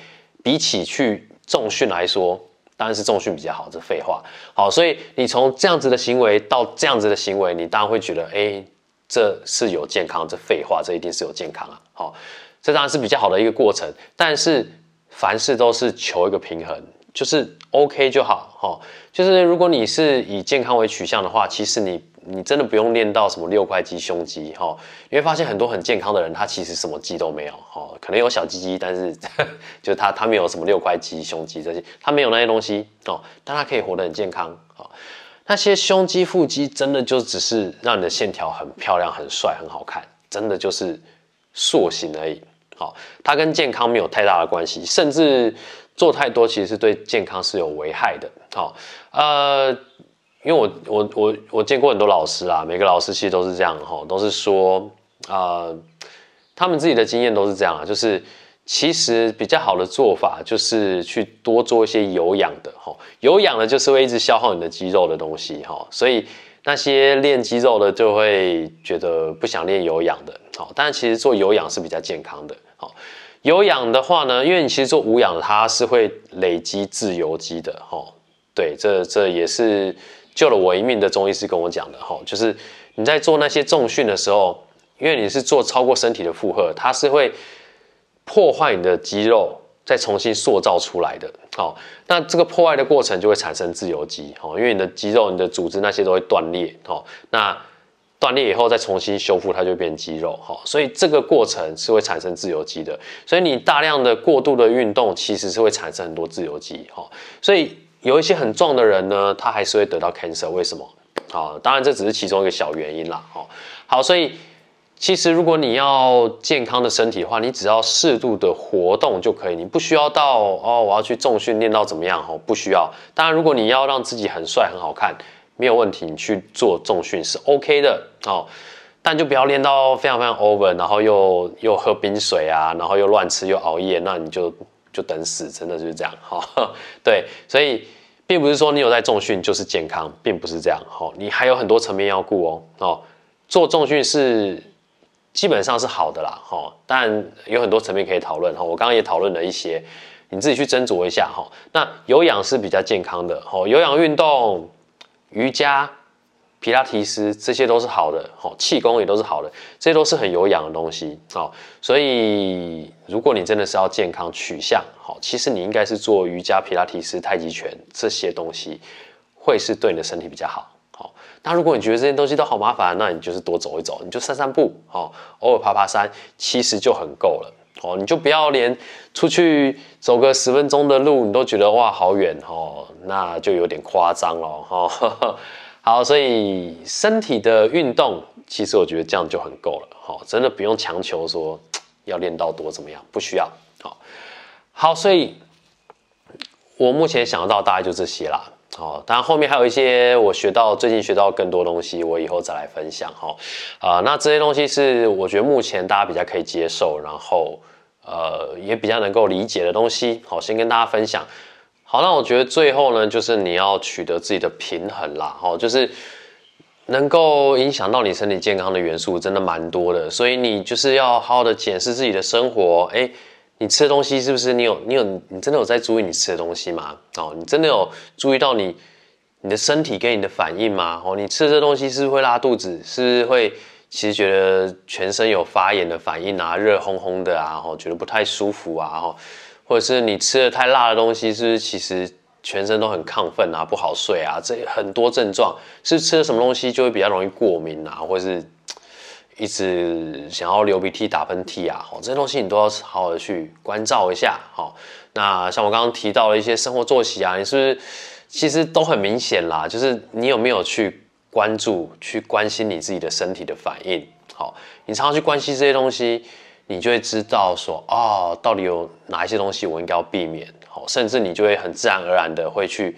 比起去重訓來說，當然是重訓比較好。這廢話。好，所以你從這樣子的行為到這樣子的行為，你當然會覺得，誒、欸，這是有健康。這廢話，這一定是有健康啊。好，這當然是比較好的一個過程。但是凡事都是求一個平衡，就是 OK 就好，吼。就是如果你是以健康為取向的話，其實你。你真的不用練到什麼六塊肌胸肌、胸肌哈，你會發現很多很健康的人，他其實什麼肌都沒有哈、哦，可能有小肌肌，但是就是他他沒有什麼六塊肌肌、胸肌這些，他沒有那些東西哦，但他可以活得很健康啊、哦。那些胸肌、腹肌真的就只是讓你的線條很漂亮、很帥、很好看，真的就是塑形而已。好、哦，它跟健康沒有太大的關係，甚至做太多其實是對健康是有危害的。好、哦，呃。因為我我我我見過很多老師啊，每個老師其實都是這樣哈，都是說啊、呃，他們自己的經驗都是這樣，就是其實比較好的做法就是去多做一些有氧的哈、哦，有氧的就是會一直消耗你的肌肉的東西哈、哦，所以那些練肌肉的就會覺得不想練有氧的，哦、但其實做有氧是比較健康的、哦，有氧的話呢，因為你其實做無氧它是會累積自由基的哈、哦，對，這這也是。救了我一命的中醫師跟我講的哈，就是你在做那些重訓的時候，因為你是做超過身體的負荷，它是會破壞你的肌肉，再重新塑造出來的。哦。那這個破壞的過程就會產生自由基，因為你的肌肉、你的組織那些都會斷裂，那斷裂以後再重新修復，它就變肌肉，所以這個過程是會產生自由基的。所以你大量的過度的運動，其實是會產生很多自由基，所以。有一些很壯的人呢，他還是會得到 cancer，為什麼？啊、哦，當然這只是其中一個小原因啦，哦、好，所以其實如果你要健康的身體的話，你只要適度的活動就可以，你不需要到哦，我要去重訓練到怎麼樣？哦，不需要。當然，如果你要讓自己很帥很好看，沒有問題，你去做重訓是 OK 的，哦，但就不要練到非常非常 over，然後又又喝冰水啊，然後又亂吃又熬夜，那你就就等死，真的就是這樣，哈、哦，對，所以。並不是說你有在重訓就是健康，並不是這樣。吼，你還有很多層面要顧哦。哦，做重訓是基本上是好的啦。吼，但有很多層面可以討論。好，我剛剛也討論了一些，你自己去斟酌一下。吼，那有氧是比較健康的。吼，有氧運動，瑜伽。皮拉提斯，這些都是好的，好氣功也都是好的，這些都是很有氧的東西，好，所以如果你真的是要健康取向，好，其實你應該是做瑜伽、皮拉提斯、太極拳這些東西，會是對你的身體比較好。好，那如果你覺得這些東西都好麻煩，那你就是多走一走，你就散散步，好，偶爾爬爬山，其實就很夠了。你就不要連出去走個十分鐘的路，你都覺得哇好遠哦，那就有點誇張了。哈。好，所以身體的運動，其實我覺得這樣就很夠了。哦、真的不用強求說要練到多怎麼樣，不需要。好、哦，好，所以，我目前想到大概就這些啦。好、哦，當然後面還有一些我學到，最近學到更多東西，我以後再來分享哈。啊、哦呃，那這些東西是我覺得目前大家比較可以接受，然後呃也比較能夠理解的東西。好、哦，先跟大家分享。好，那我覺得最後呢，就是你要取得自己的平衡啦。好，就是能夠影響到你身體健康的元素真的蠻多的，所以你就是要好好的檢視自己的生活。欸，你吃的東西是不是你有？你有？你真的有在注意你吃的東西嗎？哦，你真的有注意到你你的身體跟你的反應嗎？哦，你吃這東西是不是會拉肚子，是不是會其實覺得全身有發炎的反應啊，熱烘烘的啊，哦，覺得不太舒服啊，哦。或者是你吃了太辣的東西，是不是其實全身都很亢奮啊，不好睡啊，這很多症狀是，是吃了什麼東西就會比較容易過敏啊，或者是一直想要流鼻涕、打噴嚏啊，好、哦，這些東西你都要好好的去關照一下。好、哦，那像我剛剛提到的一些生活作息啊，你是不是其實都很明顯啦？就是你有沒有去關注、去關心你自己的身體的反應？好、哦，你常常去關心這些東西。你就會知道說哦，到底有哪一些東西我應該要避免，好，甚至你就會很自然而然的會去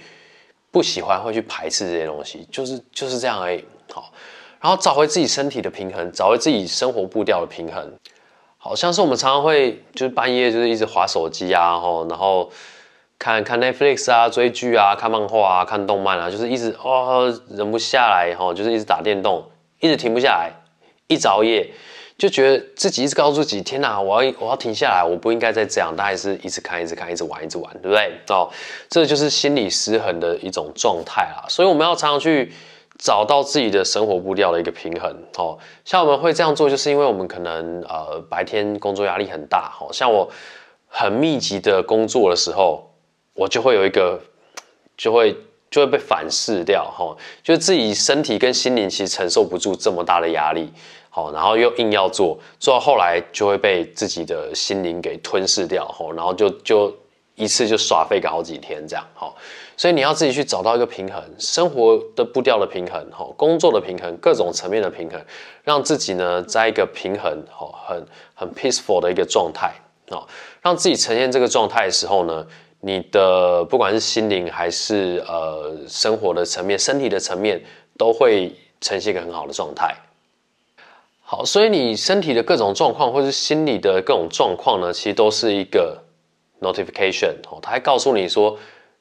不喜歡，會去排斥這些東西，就是就是這樣而已，好，然後找回自己身體的平衡，找回自己生活步調的平衡，好像是我們常常會就是半夜就是一直滑手機啊，然後看看 Netflix 啊，追劇啊，看漫畫啊，看動漫啊，就是一直哦，忍不下來，吼，就是一直打電動，一直停不下來，一直熬夜。就覺得自己一直告訴自己，天啊，我要我要停下來，我不應該再這樣，但還是一直看，一直看，一直玩，一直玩，對不對？哦，這就是心理失衡的一種狀態啦。所以我們要常常去找到自己的生活步調的一個平衡。哦，像我們會這樣做，就是因為我們可能呃白天工作壓力很大、哦。像我很密集的工作的時候，我就會有一個就會就會被反噬掉。哈、哦，就自己身體跟心靈其實承受不住這麼大的壓力。好，然後又硬要做，做到後來就會被自己的心靈給吞噬掉。吼，然後就就一次就耍廢個好幾天這樣。好，所以你要自己去找到一個平衡，生活的步調的平衡，吼，工作的平衡，各種層面的平衡，讓自己呢在一個平衡，吼，很很 peaceful 的一個狀態。哦，讓自己呈現這個狀態的時候呢，你的不管是心靈還是呃生活的層面、身體的層面，都會呈現一個很好的狀態。好，所以你身體的各種狀況，或是心理的各種狀況呢，其實都是一個 notification 哦，它還告訴你說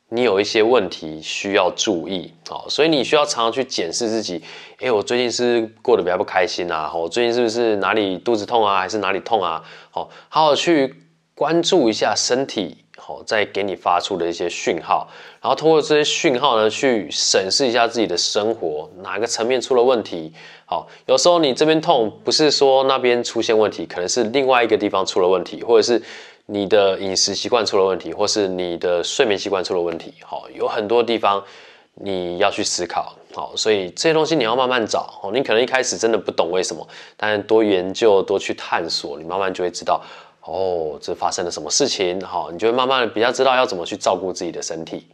你有一些問題需要注意。好，所以你需要常常去檢視自己，誒、欸，我最近是，是過得比較不開心啊，我最近是不是哪裡肚子痛啊，還是哪裡痛啊？好好去關注一下身體。好，再給你發出的一些訊號，然後通過這些訊號呢，去審視一下自己的生活，哪個層面出了問題？好，有時候你這邊痛，不是說那邊出現問題，可能是另外一個地方出了問題，或者是你的飲食習慣出了問題，或是你的睡眠習慣出了問題。好，有很多地方你要去思考。好，所以這些東西你要慢慢找。好，你可能一開始真的不懂為什麼，但多研究，多去探索，你慢慢就會知道。哦，這發生了什麼事情？好，你就會慢慢的比較知道要怎麼去照顧自己的身體。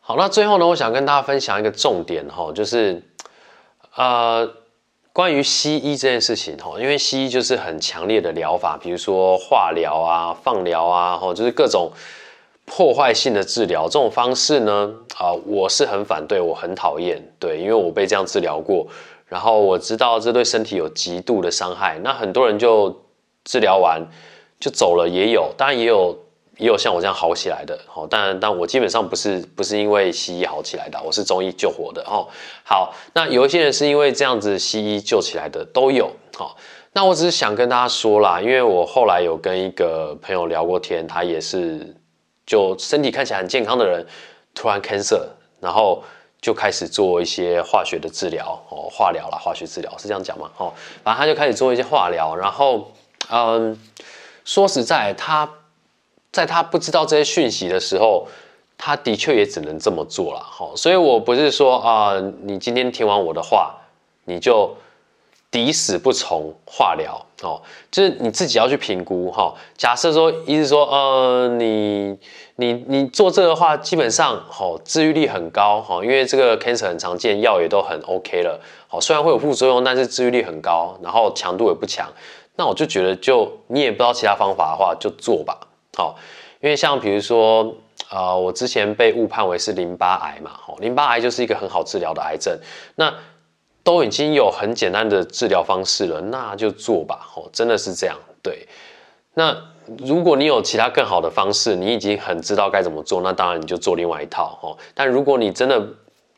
好，那最後呢，我想跟大家分享一個重點哈，就是呃，關於西醫這件事情哈，因為西醫就是很強烈的療法，比如說化療啊、放療啊，哈，就是各種破壞性的治療。這種方式呢，啊、呃，我是很反對，我很討厭，對，因為我被這樣治療過，然後我知道這對身體有極度的傷害。那很多人就。治療完就走了也有，當然也有也有像我這樣好起來的但但我基本上不是不是因為西醫好起來的，我是中醫救活的哦。好，那有一些人是因為這樣子西醫救起來的都有那我只是想跟大家說啦，因為我後來有跟一個朋友聊過天，他也是就身體看起來很健康的人，突然 cancer，然後就開始做一些化學的治療哦，化療啦，化學治療是這樣講嘛。哦，反正他就開始做一些化療，然後。嗯，說實在，他在他不知道這些訊息的時候，他的確也只能這麼做了。所以我不是說啊、呃，你今天聽完我的話，你就抵死不從化療。哦、喔，就是你自己要去評估。哈、喔，假設說，意思說，嗯、呃，你你你做這個的話，基本上，哈、喔，治癒率很高。哈，因為這個 cancer 很常見，藥也都很 OK 了。好、喔，雖然會有副作用，但是治癒率很高，然後強度也不強。那我就覺得，就你也不知道其他方法的話，就做吧。好，因為像比如說，啊、呃，我之前被誤判為是淋巴癌嘛，好，淋巴癌就是一個很好治療的癌症，那都已經有很簡單的治療方式了，那就做吧。好，真的是這樣。對，那如果你有其他更好的方式，你已經很知道該怎麼做，那當然你就做另外一套。哈，但如果你真的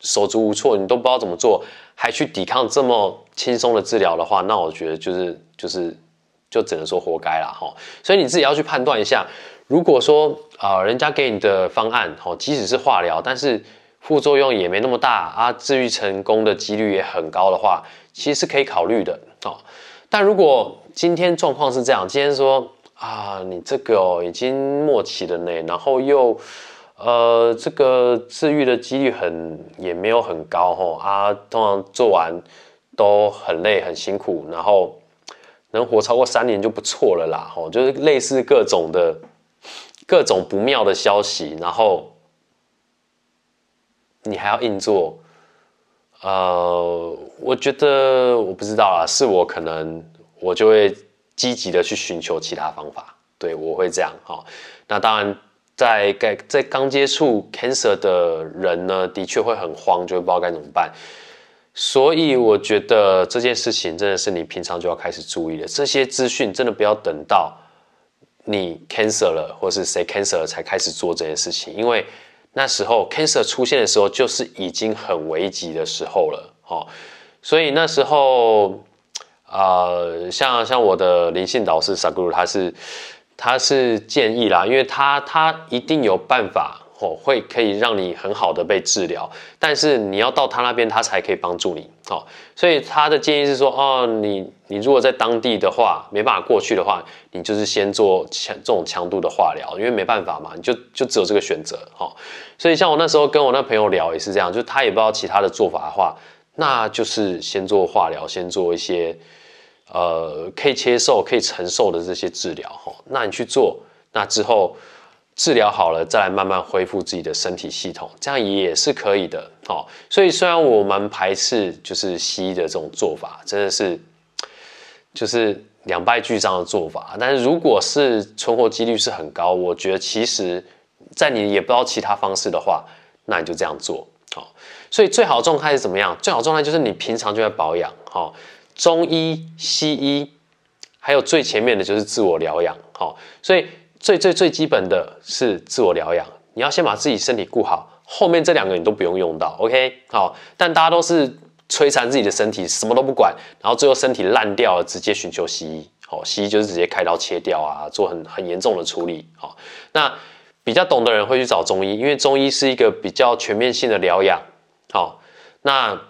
手足無措，你都不知道怎麼做，還去抵抗這麼輕鬆的治療的話，那我覺得就是就是。就只能說活該了，所以你自己要去判斷一下。如果說啊、呃，人家給你的方案即使是化療，但是副作用也沒那麼大啊，治癒成功的幾率也很高的話，其實是可以考慮的。但如果今天狀況是這樣，今天說啊，你這個、喔、已經末期了呢，然後又呃這個治癒的幾率很也沒有很高哈啊，通常做完都很累很辛苦，然後。能活超過三年就不錯了啦，就是類似各種的，各種不妙的消息，然後你還要硬做，呃，我覺得我不知道啦，是我可能我就會積極的去尋求其他方法，對，我會這樣，那當然在在剛接觸 cancer 的人呢，的確會很慌，就會不知道該怎麼辦。所以我覺得這件事情真的是你平常就要開始注意了。這些資訊真的不要等到你 cancer 了，或是誰 cancer 了才開始做這件事情，因為那時候 cancer 出現的時候就是已經很危急的時候了，哦。所以那時候，啊、呃、像像我的靈性導師薩古魯他是他是建議啦，因為他他一定有辦法。哦，會可以讓你很好的被治療，但是你要到他那邊，他才可以幫助你。哦，所以他的建議是說，哦，你你如果在當地的話沒辦法過去的話，你就是先做強這種強度的化療，因為沒辦法嘛，你就就只有這個選擇。哦，所以像我那時候跟我那朋友聊也是這樣，就他也不知道其他的做法的話，那就是先做化療，先做一些呃可以接受、可以承受的這些治療。哈，哦，那你去做，那之後。治療好了，再來慢慢恢復自己的身體系統，這樣也是可以的。哦、所以雖然我蠻排斥就是西醫的這種做法，真的是就是兩敗俱傷的做法，但是如果是存活幾率是很高，我覺得其實在你也不知道其他方式的話，那你就這樣做。哦、所以最好的狀態是怎麼樣？最好狀態就是你平常就在保養、哦。中醫、西醫，還有最前面的就是自我療養。好、哦，所以。最最最基本的是自我療養，你要先把自己身體顧好，後面這兩個你都不用用到，OK？好、哦，但大家都是摧殘自己的身體，什麼都不管，然後最後身體爛掉了，直接尋求西醫，好、哦，西醫就是直接開刀切掉啊，做很很嚴重的處理，好、哦，那比較懂的人會去找中醫，因為中醫是一個比較全面性的療養，好、哦，那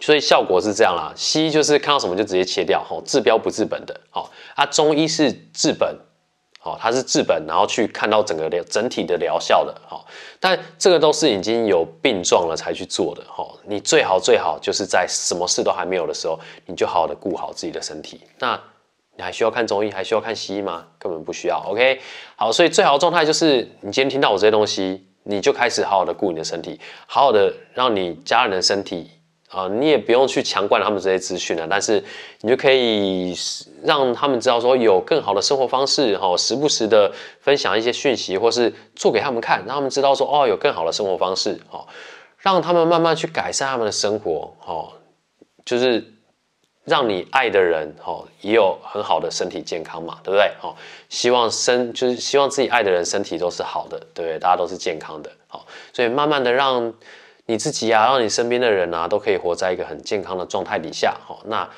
所以效果是這樣啦，西醫就是看到什麼就直接切掉，吼、哦，治標不治本的，好、哦，啊，中醫是治本。哦，它是治本，然後去看到整個的整體的療效的。哈、哦，但這個都是已經有病狀了才去做的。哈、哦，你最好最好就是在什麼事都還沒有的時候，你就好好的顧好自己的身體。那你還需要看中醫，還需要看西醫嗎？根本不需要。OK，好，所以最好的狀態就是你今天聽到我這些東西，你就開始好好的顧你的身體，好好的讓你家人的身體。啊，你也不用去強灌他們這些資訊了，但是你就可以讓他們知道說有更好的生活方式哦，時不時的分享一些訊息，或是做給他們看，讓他們知道說哦，有更好的生活方式哦，讓他們慢慢去改善他們的生活哦，就是讓你愛的人哦，也有很好的身體健康嘛，對不對哦？希望身就是希望自己愛的人身體都是好的，對不對？大家都是健康的，好、哦，所以慢慢的讓。你自己啊，讓你身邊的人啊，都可以活在一個很健康的狀態底下。好，那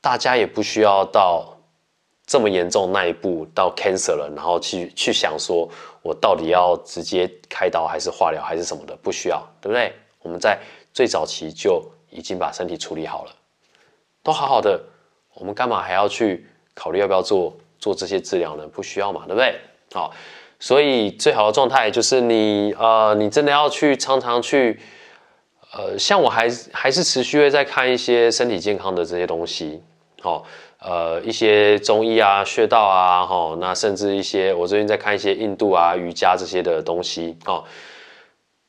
大家也不需要到這麼嚴重那一步，到 cancer 了，然後去去想說我到底要直接開刀還是化療還是什麼的，不需要，對不對？我們在最早期就已經把身體處理好了，都好好的，我們幹嘛還要去考慮要不要做做這些治療呢？不需要嘛，對不對？好。所以最好的狀態就是你呃，你真的要去常常去，呃，像我還還是持續會在看一些身體健康的這些東西，哦，呃，一些中醫啊、穴道啊，哦，那甚至一些我最近在看一些印度啊、瑜伽這些的東西，哦。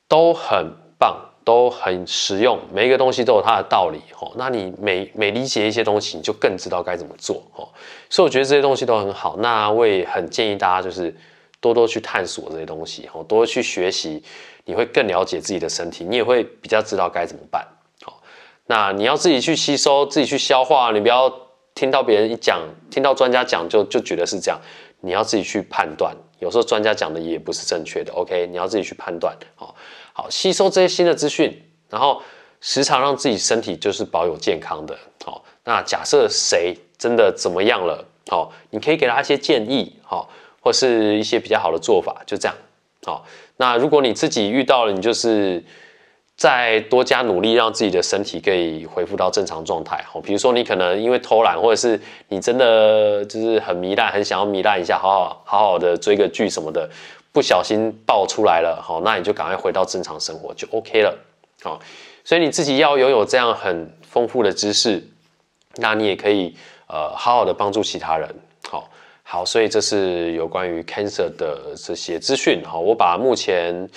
都很棒，都很實用，每一個東西都有它的道理，哦，那你每每理解一些東西，你就更知道該怎麼做，哦，所以我覺得這些東西都很好，那我也很建議大家就是。多多去探索這些東西，好，多去學習，你會更了解自己的身體，你也會比較知道該怎麼辦。好，那你要自己去吸收，自己去消化，你不要聽到別人一講，聽到專家講就就覺得是這樣，你要自己去判斷。有時候專家講的也不是正確的，OK，你要自己去判斷。好，好，吸收這些新的資訊，然後時常讓自己身體就是保有健康的。好，那假設誰真的怎麼樣了，好，你可以給他一些建議，好。或是一些比較好的做法，就這樣。好，那如果你自己遇到了，你就是再多加努力，讓自己的身體可以恢復到正常狀態。好，比如說你可能因為偷懶，或者是你真的就是很糜爛，很想要糜爛一下，好好好好的追個劇什麼的，不小心爆出來了。好，那你就趕快回到正常生活就 OK 了。好，所以你自己要擁有這樣很豐富的知識，那你也可以呃好好的幫助其他人。好，所以這是有關於 cancer 的這些資訊。好，我把目前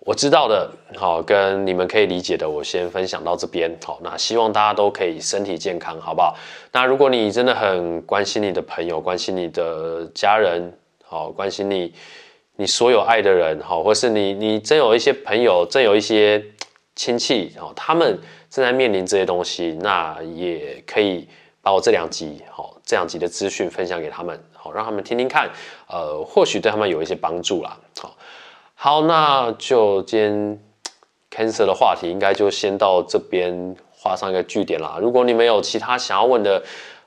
我知道的，好，跟你們可以理解的，我先分享到這邊。好，那希望大家都可以身體健康，好不好？那如果你真的很關心你的朋友，關心你的家人，好，關心你你所有愛的人，好，或是你你真有一些朋友，真有一些親戚，好，他們正在面臨這些東西，那也可以。把我這兩集好、喔、這兩集的資訊分享給他們，好、喔、讓他們聽聽看，呃，或許對他們有一些幫助啦。好、喔，好，那就今天 cancer 的話題應該就先到這邊畫上一個句點啦。如果你們有其他想要問的，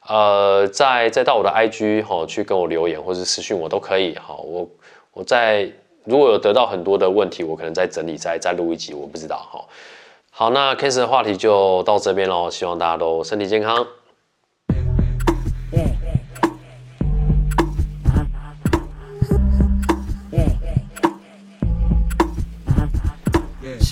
呃，再再到我的 IG 哈、喔、去跟我留言或是私訊我都可以。好、喔，我我再如果有得到很多的問題，我可能再整理再再錄一集，我不知道哈、喔。好，那 cancer 的話題就到這邊嘍，希望大家都身體健康。